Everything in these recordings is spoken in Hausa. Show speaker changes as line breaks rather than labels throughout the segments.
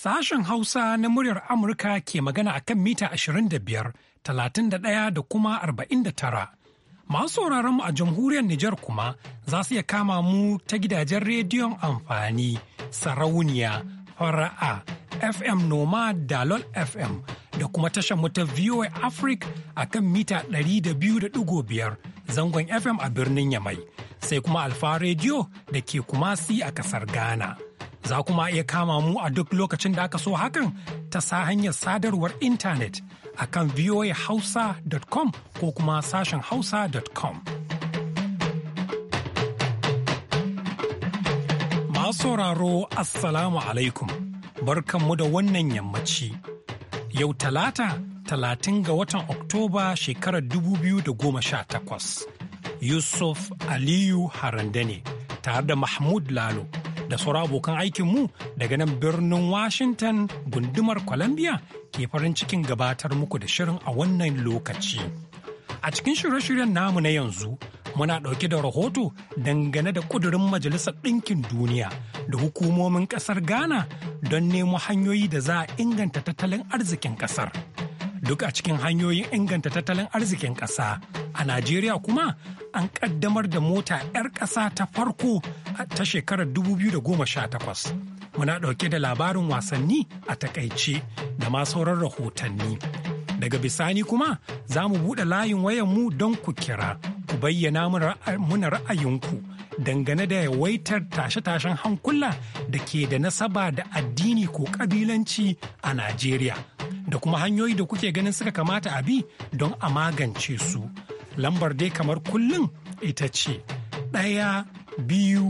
Sashen Hausa na muryar Amurka ke magana a kan mita 25, 31 da kuma 49. Masu sauraron mu a jamhuriyar Nijar kuma za su iya kama mu ta gidajen rediyon amfani, sarauniya, fara'a, FM Noma Dalol FM da kuma tashar mu ta VOA Africa a kan mita 200.5 zangon FM a birnin Yamai, sai kuma Alfa Rediyo da ke Kumasi a kasar Ghana. Za kuma iya kama mu a duk lokacin da aka so hakan ta sa hanyar sadarwar intanet a kan voahausa.com ko kuma sashen hausa.com. Masu sauraro Assalamu alaikum, barkanmu da wannan yammaci. Yau talata, talatin ga watan Oktoba shekarar 2018. Yusuf Aliyu Harande ne tare da Mahmud Lalo da sauran abokan aikinmu daga nan birnin Washington gundumar Columbia ke farin cikin gabatar muku da shirin a wannan lokaci. A cikin shirye-shiryen namu na yanzu muna ɗauke da rahoto dangane da ƙudurin Majalisar Ɗinkin Duniya da hukumomin ƙasar Ghana don nemo hanyoyi da za a inganta tattalin arzikin ƙasar. duk a cikin hanyoyin inganta tattalin arzikin ƙasa. A Najeriya kuma an ƙaddamar da mota 'yar ƙasa ta farko ta shekarar 2018. Muna ɗauke da labarin wasanni a takaice da ma sauran rahotanni. Daga bisani kuma za mu buɗe layin wayanmu don ku kira, ku bayyana muna ra'ayinku dangane da yawaitar tashe-tashen hankula da ke da nasaba da addini ko ƙabilanci a Najeriya. da kuma hanyoyi da kuke ganin suka kamata a bi don a magance su. Lambar dai kamar kullum ita ce ɗaya biyu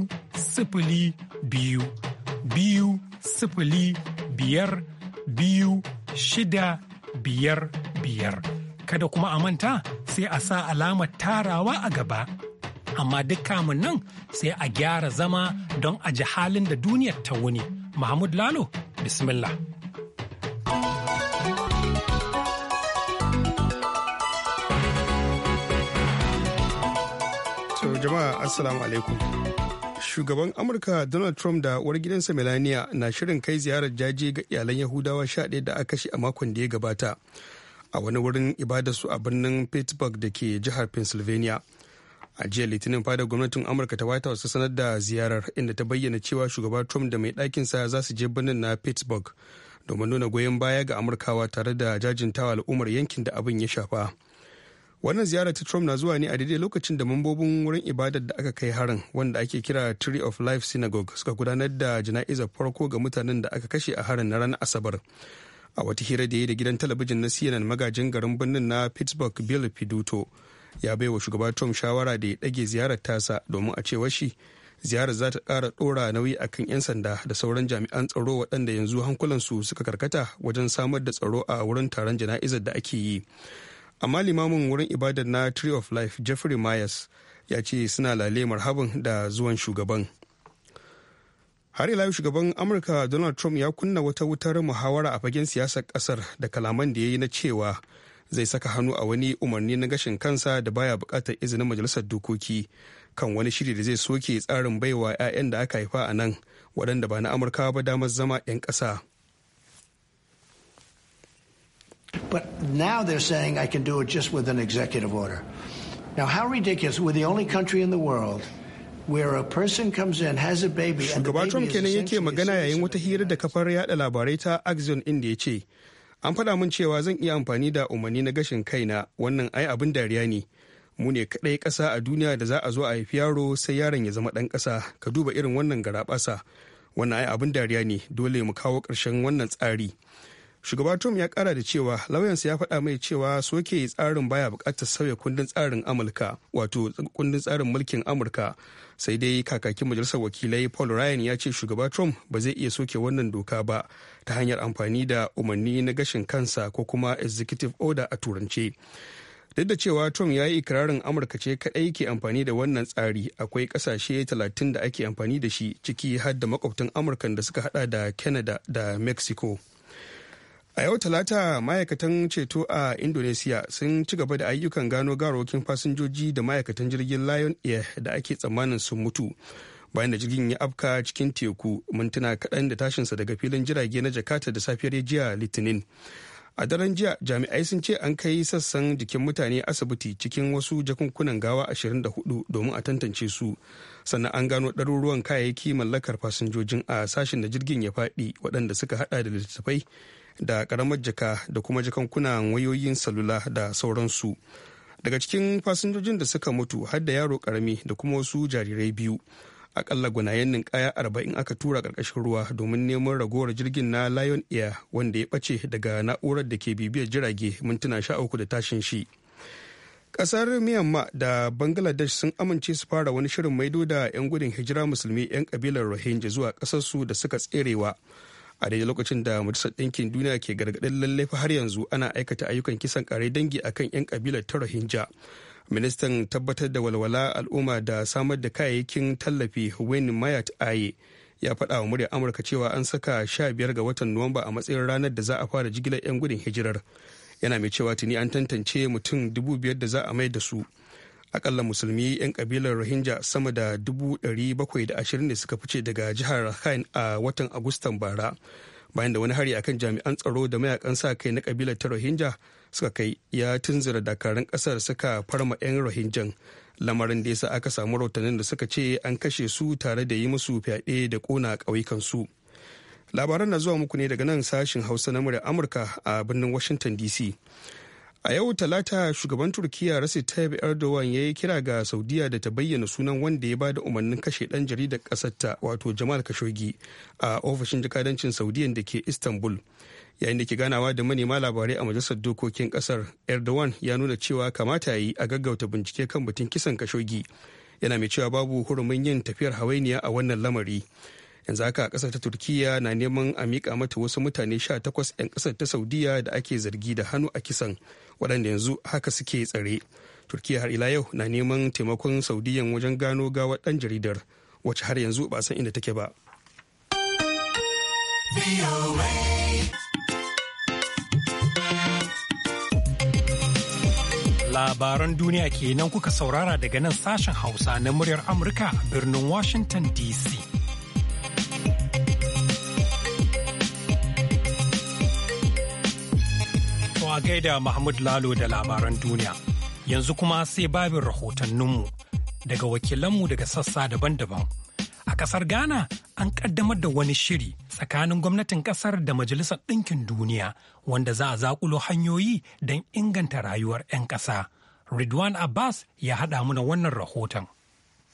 sifili biyu biyu sifili biyar biyu shida biyar biyar. Kada kuma a manta sai a sa alamar tarawa a gaba. Amma duk kamun nan sai a gyara zama don a ji halin da duniyar ta wuni. Mahmud Lalo, Bismillah.
jama'a assalamu alaikum shugaban amurka donald trump da uwar gidansa melania na shirin kai ziyarar jaje ga iyalan yahudawa sha ɗaya da aka shi a makon da ya gabata a wani wurin su a birnin pittsburgh da ke jihar pennsylvania a jiya litinin fadar gwamnatin amurka ta white house sanar da ziyarar inda ta bayyana cewa shugaba trump da mai ɗakinsa za su je birnin na pittsburgh domin nuna goyon baya ga amurkawa tare da jajintawa al'ummar yankin da abin ya shafa wannan ziyarar ta trump na zuwa ne a daidai lokacin da mambobin wurin ibadar da aka kai harin wanda ake kira tree of life synagogue suka gudanar da jana'izar farko ga mutanen da aka kashe a harin na ranar asabar a wata hira da ya da gidan talabijin na cnn magajin garin birnin na pittsburgh bill fiduto ya baiwa shugaba trump shawara da ya ɗage ziyarar tasa domin a cewar shi ziyarar za ta ƙara ɗora nauyi a kan 'yan sanda da sauran jami'an tsaro waɗanda yanzu hankulansu suka karkata wajen samar da tsaro a wurin taron jana'izar da ake yi amma limamin wurin ibadar na tree of life jeffrey myers ya ce suna lalemar marhaban da zuwan shugaban har ila shugaban amurka donald trump ya kunna wata wutar muhawara a fagen siyasar kasar da kalaman da ya yi na cewa zai saka hannu a wani umarni na gashin kansa da baya bukatar izinin majalisar dokoki kan wani shiri da zai soke tsarin baiwa 'ya'yan da aka haifa a nan waɗanda ba na amurka ba damar zama 'yan ƙasa But now they're saying I can do it just with an executive order. Now, how ridiculous. We're the only country in the world Shugaba Trump kenan yake magana yayin wata hira da kafar yada labarai ta Axion inda ya ce, An faɗa min cewa zan iya amfani da umarni na gashin kaina wannan ai abin dariya ne. Mu ne kaɗai ƙasa a duniya da za a zo a haifi yaro sai yaron ya zama ɗan ƙasa ka duba irin wannan garaɓasa. Wannan ai abin dariya ne dole mu kawo ƙarshen wannan tsari. shugaba trump ya kara da cewa lauyansa ya faɗa mai cewa soke tsarin baya buƙatar sauya kundin tsarin amurka wato kundin tsarin mulkin amurka sai dai kakakin majalisar wakilai paul ryan ya ce shugaba trump ba zai iya soke wannan doka ba ta hanyar amfani da umarni na gashin kansa ko kuma executive order a turance duk da cewa trump ya yi ikirarin amurka ce kaɗai ke amfani da wannan tsari akwai ƙasashe 30 da ake amfani da shi ciki har da makwabtan amurkan da suka hada da canada da mexico a yau talata ma'aikatan ceto a indonesia sun ci gaba da ayyukan gano garokin fasinjoji da ma'aikatan jirgin lion air da ake tsammanin sun mutu bayan da jirgin ya afka cikin teku mintuna kaɗan da tashinsa daga filin jirage na jakarta da safiyar jiya litinin a daren jiya jami'ai sun ce an kai sassan jikin mutane asibiti cikin wasu jakunkunan gawa 24 domin a tantance su sannan an gano ɗaruruwan kayayyaki mallakar fasinjojin a sashen da jirgin ya faɗi waɗanda suka hada da littattafai da karamar jaka da kuma jakankunan wayoyin salula da sauransu daga cikin fasinjojin da suka mutu har da yaro karami da kuma wasu jarirai biyu akalla gwanayen ninkaya arba'in aka tura karkashin ruwa domin neman ragowar jirgin na lion air wanda ya bace daga na'urar da ke bibiyar jirage mintuna sha uku da tashin shi kasar myanmar da bangladesh sun amince su fara wani shirin maido da 'yan gudun hijira musulmi 'yan kabilar rohingya zuwa kasarsu da suka tserewa a daidai lokacin da majalisar ɗinkin duniya ke gargaɗin lallai fa har yanzu ana aikata ayyukan kisan kare dangi akan 'yan kabilar ta rohingya ministan tabbatar da walwala al'umma da samar da kayayyakin tallafi wayne mayat aye ya faɗa wa muryar amurka cewa an saka sha biyar ga watan nuwamba a matsayin ranar da za a fara jigilar 'yan gudun hijirar yana mai cewa tuni an tantance mutum biyar da za a mai da su akalla musulmi 'yan kabilar rohingya sama da 720 ne suka fice daga jihar rakhine a watan agustan bara bayan da wani hari akan jami'an tsaro da mayakan sa kai na kabilar ta rohingya suka kai ya tunzura dakarun kasar suka farma 'yan rohingyan lamarin da yasa aka samu rautanin da suka ce an kashe su tare da yi musu fyaɗe da kona ƙona su labaran na zuwa muku ne daga nan sashin hausa na murya amurka a birnin washington dc a yau talata shugaban turkiya recep tayyip erdogan ya yi kira ga saudiya da ta bayyana sunan wanda ya bada umarnin kashe dan jaridar kasarta wato jamal kashogi a ofishin jikadancin saudiya da ke istanbul yayin da ke ganawa da manema labarai a majalisar dokokin kasar erdogan ya nuna cewa kamata yi a gaggauta bincike kan batun kisan kashogi yana mai cewa babu hurumin yin tafiyar hawainiya a wannan lamari yanzu haka kasar ta turkiyya na neman a miƙa mata wasu mutane 18 'yan kasar ta saudiya da ake zargi da hannu a kisan waɗanda yanzu haka suke tsare turkiya har ila yau na neman taimakon saudiyan wajen gano gawar ɗan jaridar wacce har yanzu ba san inda take ba
labaran duniya kenan kuka saurara daga nan sashen hausa na muryar amurka birnin washington dc gaida Mahmud Lalo da labaran duniya. Yanzu kuma sai babin rahotanninmu daga wakilanmu daga sassa daban-daban. A ƙasar Ghana an ƙaddamar da wani shiri tsakanin gwamnatin ƙasar da Majalisar Ɗinkin Duniya wanda za a zaƙulo hanyoyi don inganta rayuwar 'yan ƙasa. Ridwan Abbas ya haɗa muna wannan rahoton.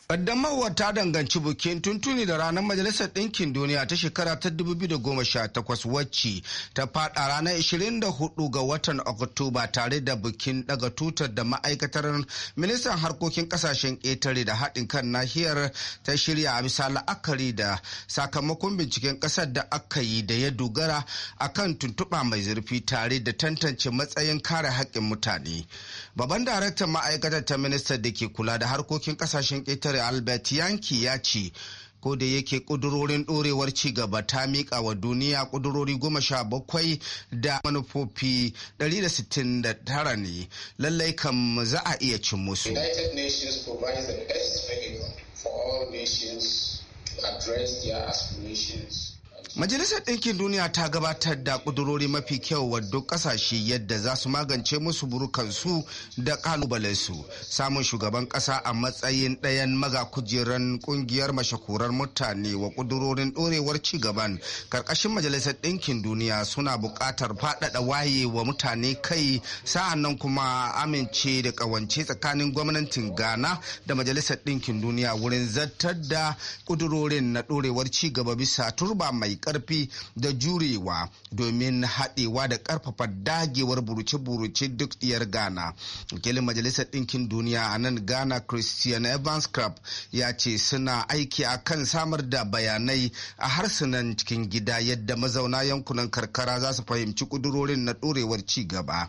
Kaddamarwar ta danganci bikin tuntuni da ranar Majalisar Ɗinkin Duniya ta shekara ta 2018 wacce ta faɗa ranar 24 ga watan Oktoba tare da bikin daga tutar da ma'aikatar ministan harkokin ƙasashen ƙetare da haɗin kan nahiyar ta shirya a bisa la'akari da sakamakon binciken ƙasar da aka yi da ya dogara a kan tuntuɓa mai zurfi tare da tantance matsayin kare haƙƙin mutane. Babban daraktan ma'aikatar ta minista da ke kula da harkokin ƙasashen ƙetare albert yanki ya ce ko da yake kudurorin dorewar ci gaba ta mika wa duniya kudurori goma sha bakwai da manufofi 169 ne lallai kam za a iya cin musu united nations provides the best for all nations to address their aspirations Majalisar Ɗinkin Duniya ta gabatar da ƙudurori mafi kyau wa duk ƙasashe yadda za su magance musu burukansu da ƙalubalensu. Samun shugaban ƙasa a matsayin ɗayan maga kujeran ƙungiyar mashakurar mutane wa ƙudurorin ɗorewar cigaban ƙarƙashin Majalisar Ɗinkin Duniya suna buƙatar faɗaɗa waye wa mutane kai sa'an nan kuma amince da ƙawance tsakanin gwamnatin Ghana da Majalisar Ɗinkin Duniya wurin zartar da ƙudurorin na ɗorewar cigaba bisa turba mai ƙarfi da jurewa domin haɗewa da ƙarfafa dagewar buruce-buruce duk diyar ghana wakilin majalisar ɗinkin duniya a nan ghana christian evans crab ya ce suna aiki a kan samar da bayanai a harsunan cikin gida yadda mazauna yankunan karkara za su fahimci ƙudurorin na ɗorewar ci gaba.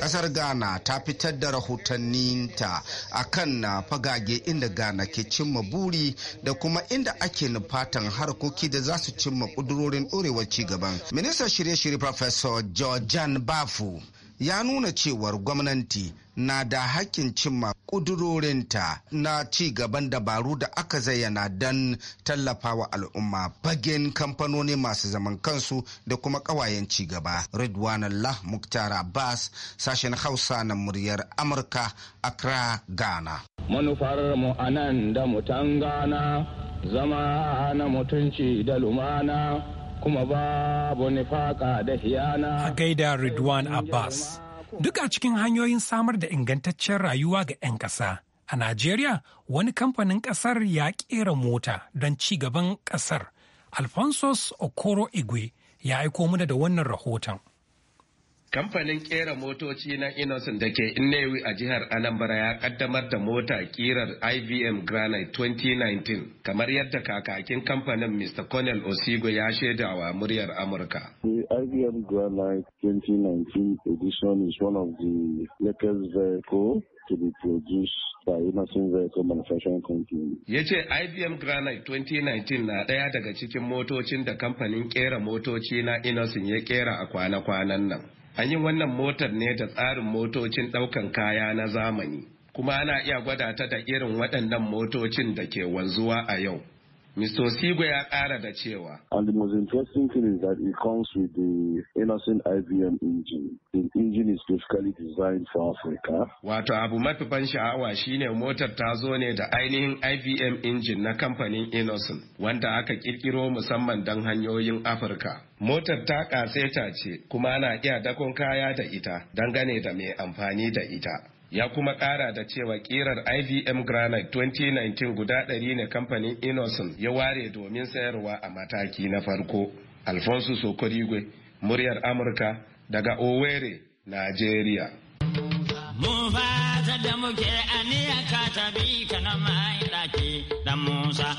Kasar Ghana ta fitar da rahotanninta a kan na uh, fagage inda Ghana ke cimma buri da kuma inda ake nufatan harkoki da za su cimma kudurorin ɗorewar cigaban. Ministan shirye-shirye Professor Georgian Bafu ya nuna cewar gwamnati na da hakkin cimma ƙudurorinta na ci gaban dabaru da aka zayyana don tallafawa al'umma Bagen kamfanoni masu zaman kansu da kuma ƙawayen ci gaba. Ridwanallah Muktar Abbas sashen Hausa na muryar Amurka Accra Ghana.
Manufar mu anan da mutan Ghana zama na mutunci da lumana kuma babu
nifaka da hiyana. A gaida Ridwan Abbas. Duk a cikin hanyoyin samar da ingantaccen rayuwa ga 'yan ƙasa. A Najeriya, wani kamfanin ƙasar ya ƙera mota don ci gaban ƙasar. Alphonsus Okoro Igwe ya aiko muna da wannan rahoton.
Kamfanin kera motoci na Innocent da ke Innewi a jihar Anambra ya kaddamar da mota kirar IBM Granite 2019 kamar yadda kakakin kamfanin Mr. Cornel Osigo ya shaidawa muryar Amurka. The IBM Granite 2019 edition is one of the latest vehicle to be produced by Innocent Vehicle Manufacturing Company. Ya ce IBM Granite 2019 na ɗaya daga cikin motocin da kamfanin kera motoci na Innocent ya kera a kwana-kwanan nan. An yi wannan motar ne da tsarin motocin ɗaukan kaya na zamani, kuma ana iya gwada ta da irin waɗannan motocin da ke wanzuwa a yau. Mr. Sigo ya ƙara da cewa. And the most interesting thing is that it comes with the Innocent IBM engine. The engine is specifically designed for Africa. Wato abu mafi ban sha'awa shine motar ta zo ne da ainihin IBM engine na kamfanin Innocent wanda aka kirkiro musamman don hanyoyin Afirka. Motar ta ƙaseta ce kuma ana iya dakon kaya da ita dangane da mai amfani da ita. ya kuma kara da cewa kirar IVM Granite 2019 guda ɗari ne kamfanin Innocent ya ware domin sayarwa a mataki na farko. Alfonso Sokorigwe, muryar Amurka daga Owerri, nigeria.
Musa.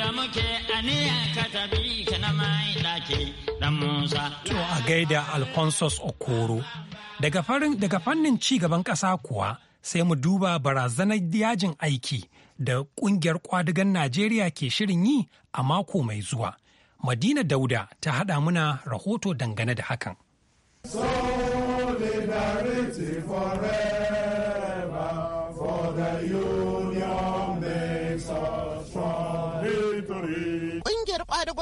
da muke aniya ka tabi ka
na Musa. To a gaida Alphonsus Okoro. Daga fannin ci gaban ƙasa kuwa sai mu duba barazanar yajin aiki da ƙungiyar kwadugan Najeriya ke shirin yi a mako mai zuwa. Madina Dauda ta haɗa muna rahoto dangane da hakan. Solidarity forever.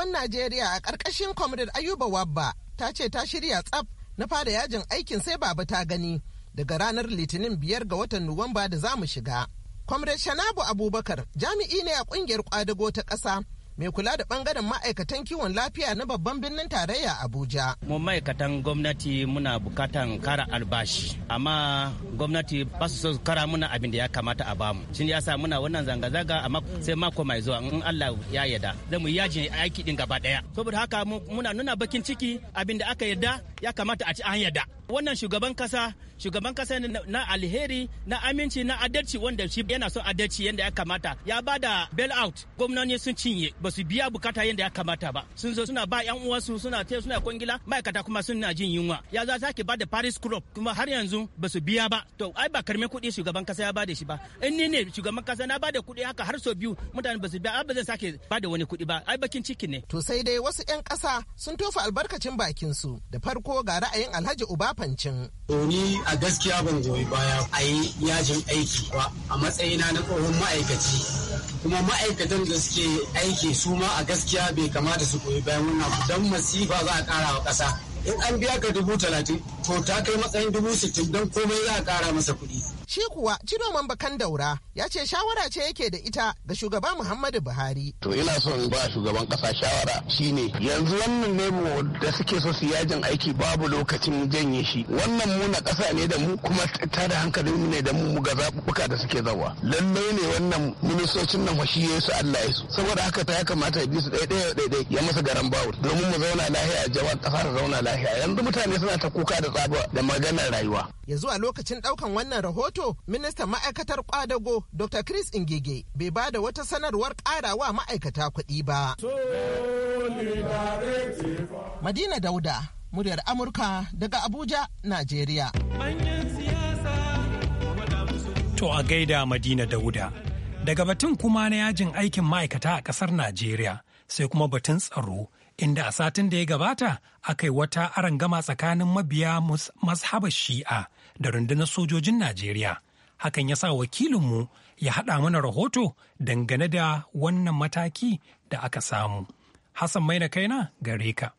manoman Najeriya a ƙarƙashin Comrade Ayuba Wabba ta ce ta shirya tsaf na fara yajin aikin sai babu ta gani daga ranar Litinin biyar ga watan Nuwamba da za mu shiga. Comrade Shanabu Abubakar jami'i ne a ƙungiyar ƙwadago ta ƙasa mai kula da bangaren ma'aikatan kiwon lafiya na babban birnin tarayya abuja mu ma'aikatan gwamnati muna bukatan kara albashi amma gwamnati ba su so kara muna abin da ya kamata a bamu shi ya sa muna wannan zanga-zanga amma sai mako mai zuwa in allah ya yarda zai mu yajin aiki din gaba daya saboda haka muna nuna bakin ciki abin da aka yarda ya kamata a ci an yadda wannan shugaban kasa shugaban kasa na alheri na aminci na adalci wanda shi yana son adalci yadda ya kamata ya ba da bail out gwamnoni sun cinye ba su biya bukata yadda ya kamata ba sun zo suna ba yan uwansu suna te suna kwangila ma'aikata kuma na jin yunwa ya za sake ba da paris club kuma har yanzu ba su biya ba to ai ba karmi kuɗi shugaban kasa ya ba da shi ba in ni ne shugaban kasa na ba da kuɗi haka har sau biyu mutane ba su biya a ba zan sake ba da wani kuɗi ba ai bakin ciki ne to sai dai wasu 'yan ƙasa sun tofa albarkacin bakin su da farko farko ga ra'ayin Alhaji Uba Fancin.
Ni a gaskiya ban goyi baya a yi yajin aiki ba a matsayina na tsohon ma'aikaci.
kuma ma'aikatan da suke aiki su ma a gaskiya bai kamata su goyi bayan wannan don masifa za a kara wa ƙasa in an biya ka dubu talatin to ta kai matsayin dubu sittin don komai za a kara masa kuɗi
Shi kuwa Ciroman Bakan Daura ya ce shawara ce yake da ita ga shugaba Muhammadu Buhari.
To ina son ba shugaban kasa shawara shine yanzu wannan nemo da suke so su yajin aiki babu lokacin janye shi. Wannan mu na kasa ne da mu kuma ta da hankalin ne da mu mu ga zaɓuɓɓuka da suke zawa. Lallai ne wannan ministocin nan shi ya su Allah ya su. Saboda haka ta ya kamata ya bi su ɗaya ɗaya ya masa garan bawul domin mu zauna lahiya jama'a kasa ta zauna lahiya yanzu mutane suna ta kuka da tsaba da maganar rayuwa.
Ya zuwa lokacin ɗaukan wannan rahoto To, ministan ma'aikatar kwadago Dr. Chris Ingege bai ba da wata sanarwar wa ma'aikata kuɗi ba. Madina Dauda, muryar Amurka daga Abuja, Najeriya.
To a gaida Madina Dauda. Daga batun kuma na yajin aikin ma'aikata a ƙasar Najeriya sai kuma batun tsaro inda a satin da ya gabata aka yi wata arangama tsakanin mabiya mazhabar shi'a da rundunar sojojin Najeriya. Hakan ya sa wakilinmu ya haɗa mana rahoto dangane da wannan mataki da aka samu. Hassan mai na kaina gare ka.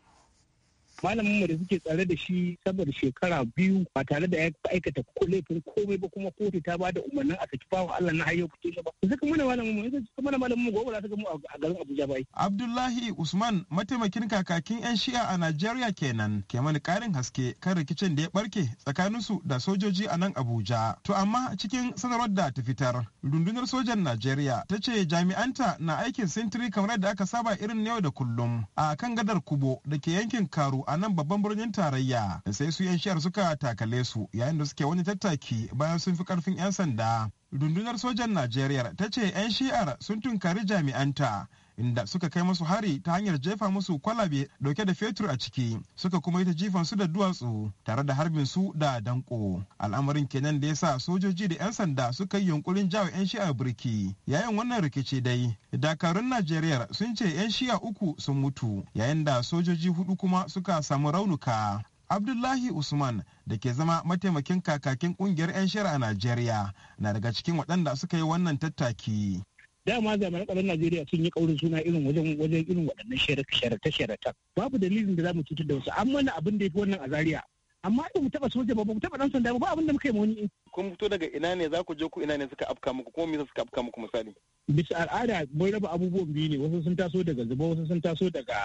malamin mu da suke tsare da shi saboda shekara biyu ba tare da ya aikata laifin komai ba kuma kotu ta bada umarnin a saki Allah na hayo kuke shi ba saka mana malamin mu saka mana malamin mu gobe za ta mu a garin Abuja bai
Abdullahi Usman mataimakin kakakin yan Shi'a a Najeriya kenan ke mana karin haske kan rikicin da ya barke tsakanin su da sojoji a nan Abuja to amma cikin sanarwar da ta fitar rundunar sojan Najeriya ta ce jami'anta na aikin sintiri kamar da aka saba irin yau da kullum a kan gadar Kubo da ke yankin Karu a nan babban birnin tarayya sai su 'yan shiyar suka takale su yayin da suke wani tattaki bayan sun fi karfin 'yan sanda rundunar sojan najeriya ta ce 'yan shi'ar sun tunkari jami'anta inda suka kai musu hari ta hanyar jefa musu kwalabe dauke da fetur a ciki suka kuma yi ta jifan su da duwatsu tare da harbin su da danko al'amarin kenan da ya sa sojoji da 'yan sanda suka yi yunkurin jawo 'yan shi'a birki yayin wannan rikici dai dakarun najeriya sun ce 'yan shi'a uku sun mutu yayin da sojoji hudu kuma suka samu raunuka abdullahi usman da ke zama mataimakin kakakin kungiyar 'yan shari'a a najeriya na daga cikin waɗanda suka yi wannan tattaki dama
jami'an tsaron najeriya sun yi kaurin suna irin wajen wajen irin waɗannan sharata sharata babu dalilin da za mu cutar da wasu an mana abin da ya fi wannan a zaria amma ba mu taɓa soja ba mu taɓa ɗan sanda ba abin da muka yi wani
kun fito daga ina ne za ku je ku ina ne suka afka muku kuma me suka afka muku misali
bisa al'ada mun raba abubuwan biyu ne wasu sun taso daga zuba wasu sun taso daga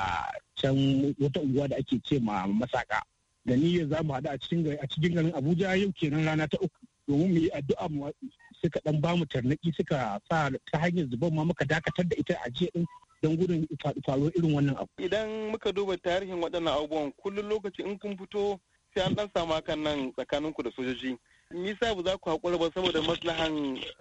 can wata unguwa da ake ce ma masaka da niyyar za mu haɗu a cikin garin abuja yau kenan rana ta uku domin mu yi addu'a mu suka dan ba mu tarnaki suka sa ta hanyar zuban ma muka dakatar da ita a jiya din don gudun faruwar irin wannan abu.
Idan muka duba tarihin waɗannan abubuwan kullum lokaci in kun fito sai an dan samu hakan nan tsakaninku da sojoji. Nisa ba za ku haƙura ba saboda maslahan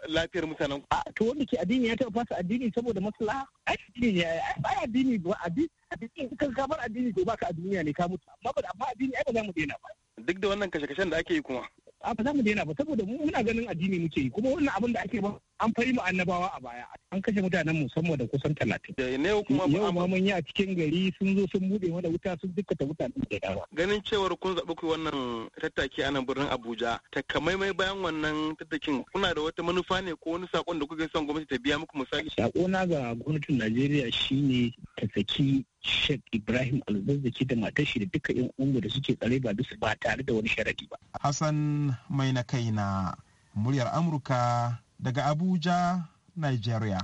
lafiyar mutanen ku.
To wanda ke addini ya taɓa fasa addini saboda maslaha? Addini ne, ai addini ba addini. Addini kan kamar addini to baka a duniya ne ka mutu. Amma ba amma addini ai ba za mu daina ba. Duk da wannan kashe-kashen da ake yi kuma. a ba za mu daina ba saboda mu muna ganin addini muke yi kuma wannan abin da ake ba an fari mu annabawa a baya an kashe mutanen mu sama da kusan talatin. da ne kuma yau ma mun yi a cikin gari sun zo sun buɗe mana wuta sun ta mutanen da yawa.
ganin cewar kun zaɓi ku wannan tattaki a nan birnin abuja ta kamaimai bayan wannan tattakin kuna da wata manufa ne ko wani sakon da kuke son gwamnati ta biya muku misali. sako
na ga gwamnatin najeriya shine ta saki Sheikh Ibrahim Alzazzaki da matar shi da duka yan uwa da suke tsare ba bisa ba tare da wani sharadi ba. Hassan mai na kai
muryar Amurka daga Abuja, Nigeria.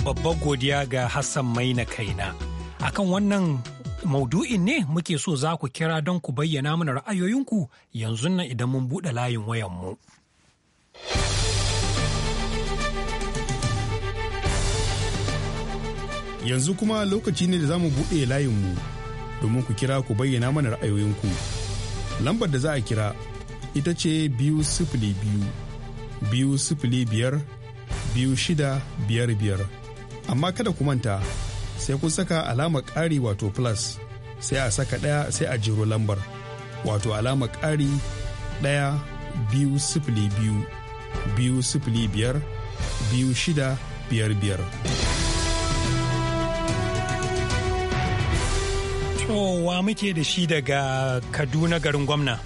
Babban godiya ga Hassan mai na kaina. Akan wannan maudu'in ne muke so za ku kira don ku bayyana mana ra'ayoyinku yanzu nan idan mun buɗe layin wayanmu. Yanzu kuma
lokaci ne da za mu buɗe layinmu domin ku kira ku bayyana mana ra'ayoyinku. Lambar da za a kira ita ce biyu sifili biyu biyu sifili biyar biyu shida biyar biyar amma kada ku manta sai kun saka alama ƙari wato plus sai a saka ɗaya sai a jiro lambar wato alama ƙari ɗaya biyu sifili biyu biyu sifili
biyar biyu shida biyar biyar. wa muke da shi daga kaduna garin gwamna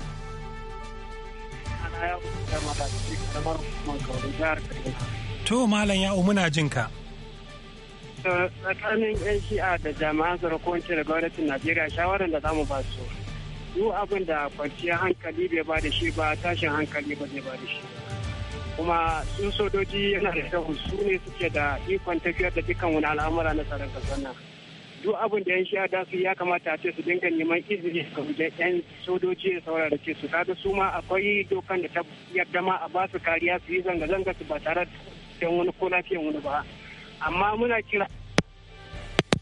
to malam ya'u muna jinka
tsakanin 'yan shi'a da jami'an tsaro ko da gwamnatin najeriya shawarar da zamu ba su du abin da kwanciyar hankali bai ba da shi ba tashin hankali ba zai ba da shi kuma sun sojoji yana da kyau su ne suke da ikon tafiyar da dukkan wani al'amura na tsaron kasa nan duk abin da 'yan shi'a da su ya kamata a ce su dinga neman izini ga wajen 'yan sojoji da saurara ce su kaga su ma akwai dokan da ta yarda ma a ba su kariya su yi zanga-zanga su ba tare da wani ko lafiyan wani ba amma muna kira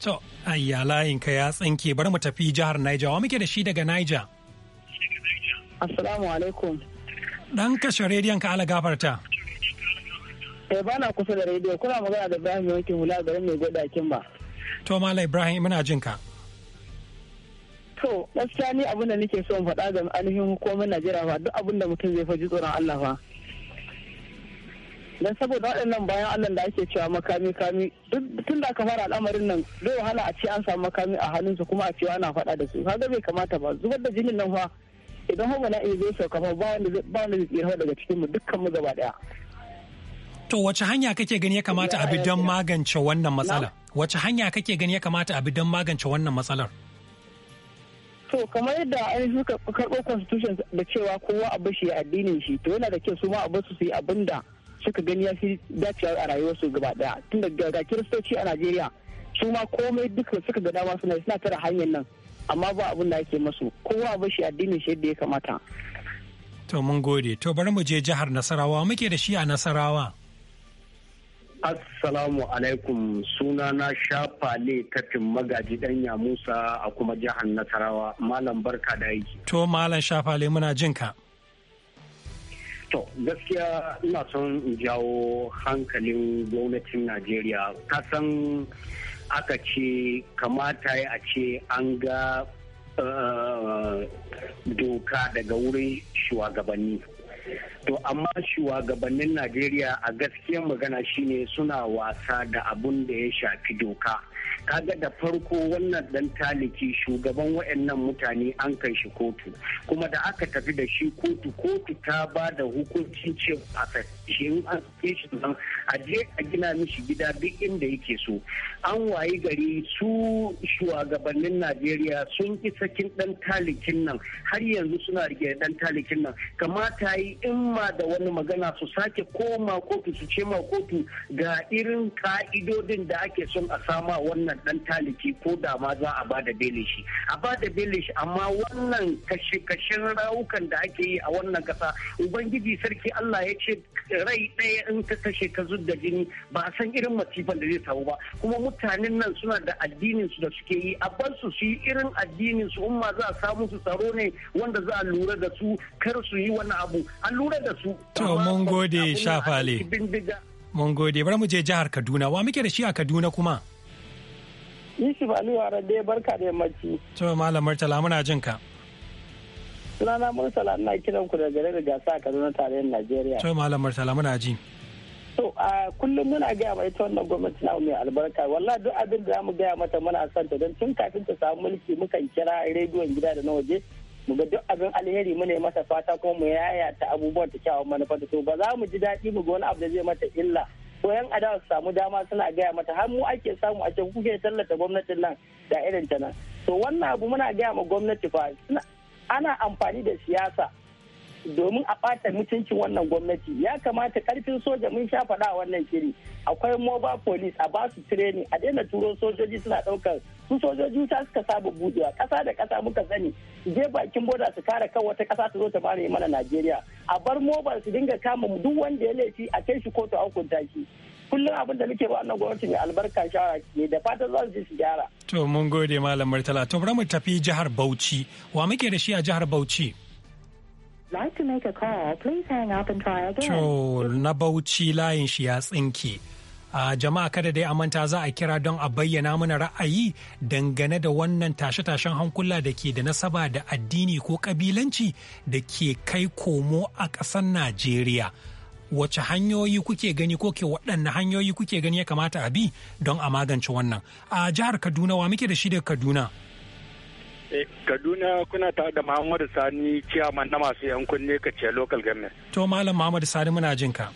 to ayya layin ka ya tsinke bari mu tafi jihar Niger wa muke da shi daga Niger Assalamu alaikum dan kashe rediyon ka ala gafarta
Eh ba na kusa da rediyo kuna magana da Ibrahim yake hula garin mai gwada kin ba
to mala Ibrahim muna jin ka
To gaskiya ni abin da nake so in faɗa ga ainihin hukumar Najeriya fa duk abin da mutum zai faji tsoron Allah fa don saboda waɗannan bayan allah da ake cewa makami kami duk tun da aka fara al'amarin nan zai wahala a ce an samu makami a hannunsu kuma a cewa ana faɗa da su kaga bai kamata ba zubar da jinin nan fa idan hau bala'i zai sauka fa ba wanda zai tsira daga cikin mu dukkan mu gaba daya
to wace hanya kake gani ya kamata a bi don magance wannan matsala wace hanya kake gani ya kamata a bi don magance wannan matsalar
to kamar yadda an yi suka karɓo constitution da cewa kowa a bashi addinin shi to yana da kyau su ma a basu su yi abin da suka gani ya fi dacewa a rayuwarsu gaba daya tun daga kiristoci a najeriya su ma komai duka suka ga dama suna suna tara hanyar nan amma ba abin da ake masu kowa ba shi addinin shi yadda ya
kamata to mun gode to bari mu je jihar nasarawa muke da shi a nasarawa
assalamu alaikum suna na shafale katin magaji danya musa a kuma jihar nasarawa malam barka da aiki
to malam shafale muna jinka ka
To gaskiya ina son jawo hankalin gwamnatin Najeriya kasan aka ce kamata ya a ce an ga eh, doka daga wurin shugabanni. To amma shugabannin Najeriya a gaskiya magana shine suna wasa da abun da ya shafi doka. kaga da farko wannan dan taliki shugaban wayannan mutane an kai shi kotu kuma da aka tafi da shi kotu kotu ta ba da hukuncin ce a shi in an shi a je a gina mishi gida duk inda yake so an wayi gari su shugabannin najeriya sun ki sakin dan talikin nan har yanzu suna rike dan talikin nan kamata yi in ma da wani magana su sake koma kotu su ce ma kotu ga irin ka'idodin da ake son a sama wannan dan taliki ko da ma za a bada bele shi a bada bele shi amma wannan kashe-kashen rawukan da ake yi a wannan kasa ubangiji sarki allah ya ce rai ɗaya in ka kashe ka zub da jini ba a san irin masifan da zai samu ba kuma mutanen nan suna da addinin su da suke yi a bar su su yi irin addinin su umma za a samu su tsaro ne wanda za a lura da su kar su yi wani abu a lura da su to mun gode shafale
mun gode bari mu je jihar Kaduna wa muke da shi a Kaduna kuma Yusuf Aliyu dai barka da yammaci to malam Murtala muna jin ka
sunana Murtala ina kiran ku da gare da gasa a Kaduna tarayyar Najeriya to
malam Murtala muna ji
a kullum muna gaya ma ita wannan gwamnati na mai albarka wallahi duk abin da mu gaya mata muna son ta don tun kafin ta samu mulki mukan kira rediyon gida da na waje mu ga duk abin alheri mu ne mata fata kuma mu ta abubuwan ta kyawun manufar to ba za mu ji daɗi mu ga wani abu da zai mata illa ko yan adawa su samu dama suna gaya mata har mu ake samu a ce kuke tallata gwamnatin nan da irin ta nan to wannan abu muna gaya ma gwamnati fa ana amfani da siyasa domin a ɓata mutuncin wannan gwamnati ya kamata karfin soja mun sha faɗa wannan shiri akwai moba police a basu su training a daina turo sojoji suna ɗaukar su sojoji ta suka saba budewa ƙasa da ƙasa muka sani je bakin boda su kare kan wata ƙasa ta zo ta mare mana Najeriya a bar mobile su dinga kama duk wanda ya laifi a kai shi kotu a hukunta shi kullum abin da muke ba wannan gwamnati mai albarka shawara ne da fatan za su ji su gyara.
To mun gode malam Murtala to bari mu tafi jihar Bauchi wa muke da shi a jihar Bauchi. to na Bauchi layin shi ya tsinke. Uh, jama'a kada dai a manta za a kira don a bayyana mana ra'ayi dangane da wannan tashe-tashen hankula da ke da nasaba da addini ko kabilanci da ke kai komo a ƙasar Najeriya. wace hanyoyi kuke gani ko ke waɗanne hanyoyi kuke gani ya kamata a bi don a magance wannan a jihar kaduna wa muke da shi da kaduna
Eh, Kaduna kuna tare da Muhammadu Sani ciyaman na masu yan kunne ce local government.
To Malam Muhammadu Sani muna jin ka.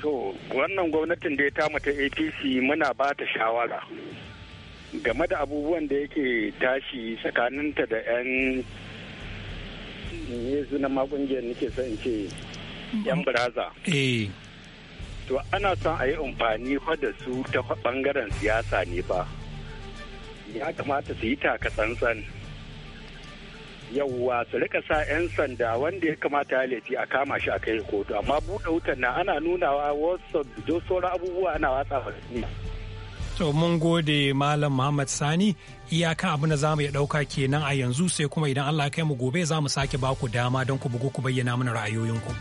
To wannan gwamnatin da ya tamu ta APC muna ba ta shawara. Game da abubuwan da yake tashi tsakaninta da 'yan ne sunan magungiyar nake son ce 'yan biraza. Eh. To ana son a yi amfani da su ta bangaren siyasa ne ba. ya kamata su yi taka tsantsan yauwa su rika sa 'yan sanda wanda ya kamata ya laifi a kama shi a kai kotu amma buɗe wutan na ana nunawa wasu da sauran abubuwa ana watsa ne.
to mun gode malam muhammad sani iyaka abin da zamu ya ɗauka kenan a yanzu sai kuma idan allah kai mu gobe za mu sake baku dama don ku bugu ku bayyana mana ra'ayoyinku.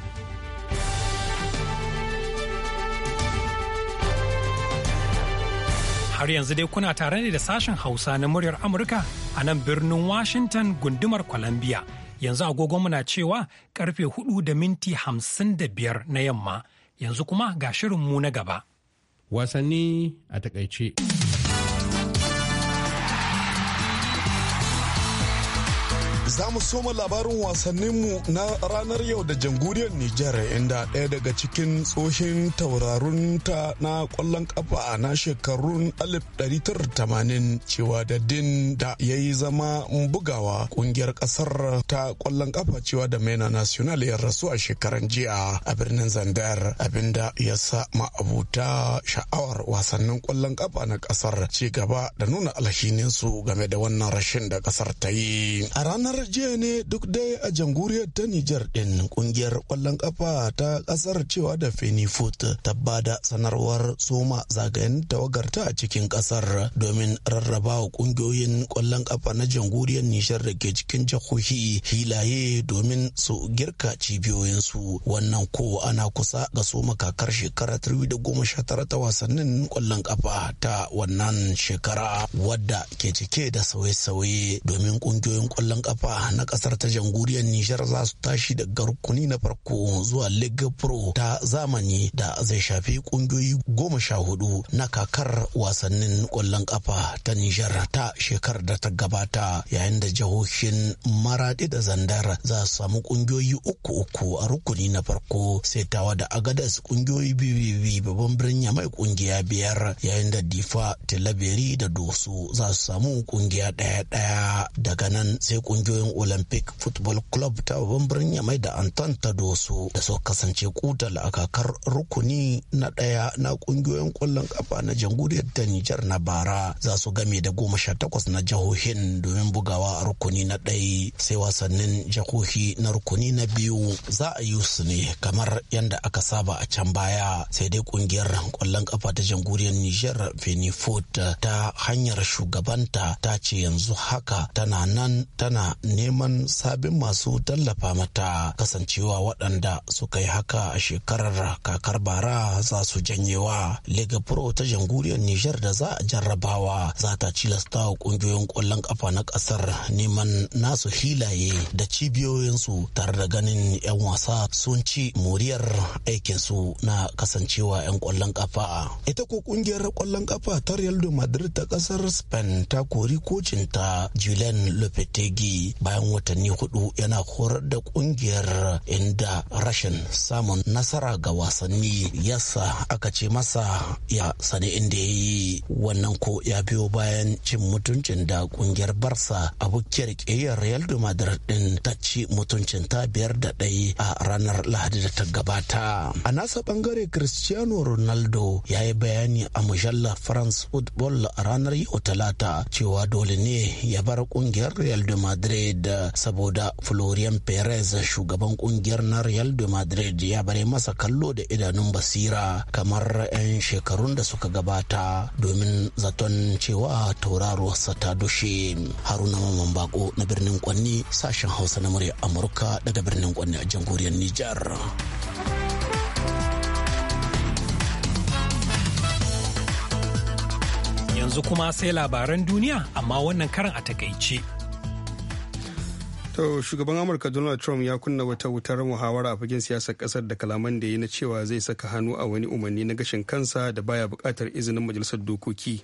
Har yanzu dai kuna tare ne da sashen Hausa na muryar Amurka a nan birnin Washington gundumar Columbia. Yanzu agogonmu na cewa karfe hudu da minti hamsin da biyar na yamma. Yanzu kuma ga shirinmu na gaba. Wasanni a takaice. Za mu soma
labarin wasanninmu na ranar yau da jamhuriyar Nijar inda ɗaya daga cikin tsohin ta na ƙwallon ƙafa na shekarun 1980 cewa da din da ya yi zama bugawa ƙungiyar ƙasar ta ƙwallon ƙafa cewa da mena national ya rasu a shekaran jiya a birnin Zandar abinda ya sa ma'abuta sha'awar wasannin ƙwallon ƙafa na ƙasar ci gaba da nuna alhininsu game da wannan rashin da ƙasar ta yi. A ranar ranar jiya ne duk dai a jamhuriyar ta Nijar din kungiyar kwallon kafa ta kasar cewa da Foot ta bada sanarwar soma zagayen tawagarta a cikin kasar domin rarrabawa kungiyoyin kwallon kafa na jamhuriyar Nijar da ke cikin jihohi hilaye domin su girka cibiyoyin su wannan ko ana kusa ga soma kakar shekara 2019 ta wasannin kwallon kafa ta wannan shekara wadda ke cike da sauye-sauye domin kungiyoyin kwallon kafa gaba na kasar ta jamhuriyar Nijar za su tashi daga rukuni na farko zuwa Liga Pro ta zamani da zai shafi kungiyoyi goma sha hudu na kakar wasannin kwallon kafa ta Nijar ta shekarar da ta gabata yayin da jihohin Maradi da Zandar za su samu kungiyoyi uku uku a rukuni na farko sai tawa da Agadas kungiyoyi biyu babban birnin mai kungiya biyar yayin da Difa, Tilaberi da Doso za su samu kungiya ɗaya ɗaya daga nan sai ƙungiyoyi. kungiyoyin olympic football club ta babban birnin yamai da anton ta doso da su kasance a kakar rukuni na ɗaya na kungiyoyin kwallon kafa na jamhuriyar da nijar na bara za su game da goma sha takwas na jihohin domin bugawa a rukuni na ɗaya sai wasannin jihohi na rukuni na biyu za a yi su ne kamar yadda aka saba a can baya sai dai kungiyar kwallon kafa ta jamhuriyar nijar fenifoot ta hanyar shugabanta ta ce yanzu haka tana nan tana neman sabin masu tallafa mata kasancewa waɗanda suka yi haka a shekarar kakar bara za su janyewa liga pro ta jamhuriyar nijar da za a jarrabawa za ta cilasta wa ƙungiyoyin ƙwallon ƙafa na ƙasar neman nasu hilaye da cibiyoyinsu tare da ganin 'yan wasa sun ci moriyar aikinsu na kasancewa 'yan ƙwallon ƙafa ita ko ƙungiyar ƙwallon ƙafa ta real madrid ta ƙasar spain ta kori kocinta julian lopetegui bayan watanni hudu yana horar da kungiyar inda rashin samun nasara ga wasanni yasa aka ce masa ya sani inda ya yi wannan ko ya biyo bayan cin mutuncin da kungiyar barsa abokiyar ƙeyar real de madrid din ta ci mutuncin ta biyar da ɗai a ranar lahadi da ta gabata a nasa bangare cristiano ronaldo ya yi bayani a Mujalla france football a ranar yau talata cewa dole ne ya bar kungiyar real de madrid madrid saboda florian perez shugaban kungiyar na real de madrid ya bare masa kallo da idanun basira kamar 'yan shekarun da suka gabata domin zaton cewa tauraruwarsa ta dushe haruna mamman bako na birnin kwanni sashen hausa na murya amurka daga birnin kwanni a jamhuriyar nijar
yanzu kuma sai labaran duniya amma wannan karan a takaice
To shugaban Amurka Donald Trump ya kunna wata wutar muhawara a fagen siyasar kasar da kalaman da ya na cewa zai saka hannu a wani umarni na gashin kansa da baya bukatar izinin majalisar dokoki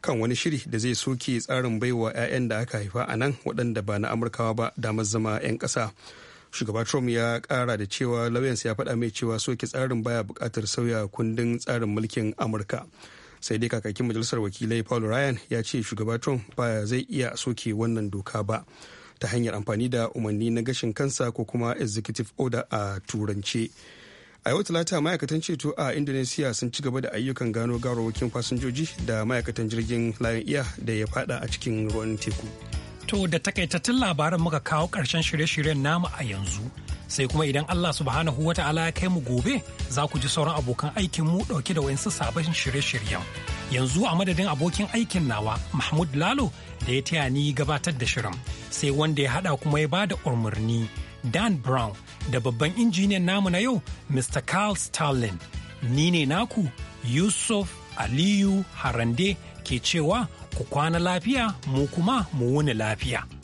kan wani shiri da zai soke tsarin baiwa 'ya'yan da aka haifa a nan waɗanda ba na Amurkawa ba damar zama 'yan ƙasa. Shugaba Trump ya kara da cewa lauyansa ya faɗa mai cewa soke tsarin baya bukatar sauya kundin tsarin mulkin Amurka. Sai dai kakakin majalisar wakilai Paul Ryan ya ce shugaba Trump ba zai iya soke wannan doka ba. ta hanyar amfani da umarni na gashin kansa ko kuma executive order a turance a yau talata ma'aikatan ceto a indonesia sun ci gaba da ayyukan gano gawarwakin fasinjoji da ma'aikatan jirgin layan iya da ya fada a cikin ruwan teku
to da takaitattun labaran muka kawo karshen shirye-shiryen namu a yanzu sai kuma idan Allah subhanahu wa ta'ala ya kai mu gobe za ku ji sauran abokan aikin mu dauke da wayansu sabon shirye-shiryen. Yanzu a madadin abokin aikin nawa Mahmud Lalo da ya taya ni gabatar da shirin sai wanda ya hada kuma ya bada umarni Dan Brown da babban injiniyan namu na yau Mr. Carl Stalin. Ni ne naku Yusuf Aliyu Harande ke cewa ku kwana lafiya mu kuma mu wuni lafiya.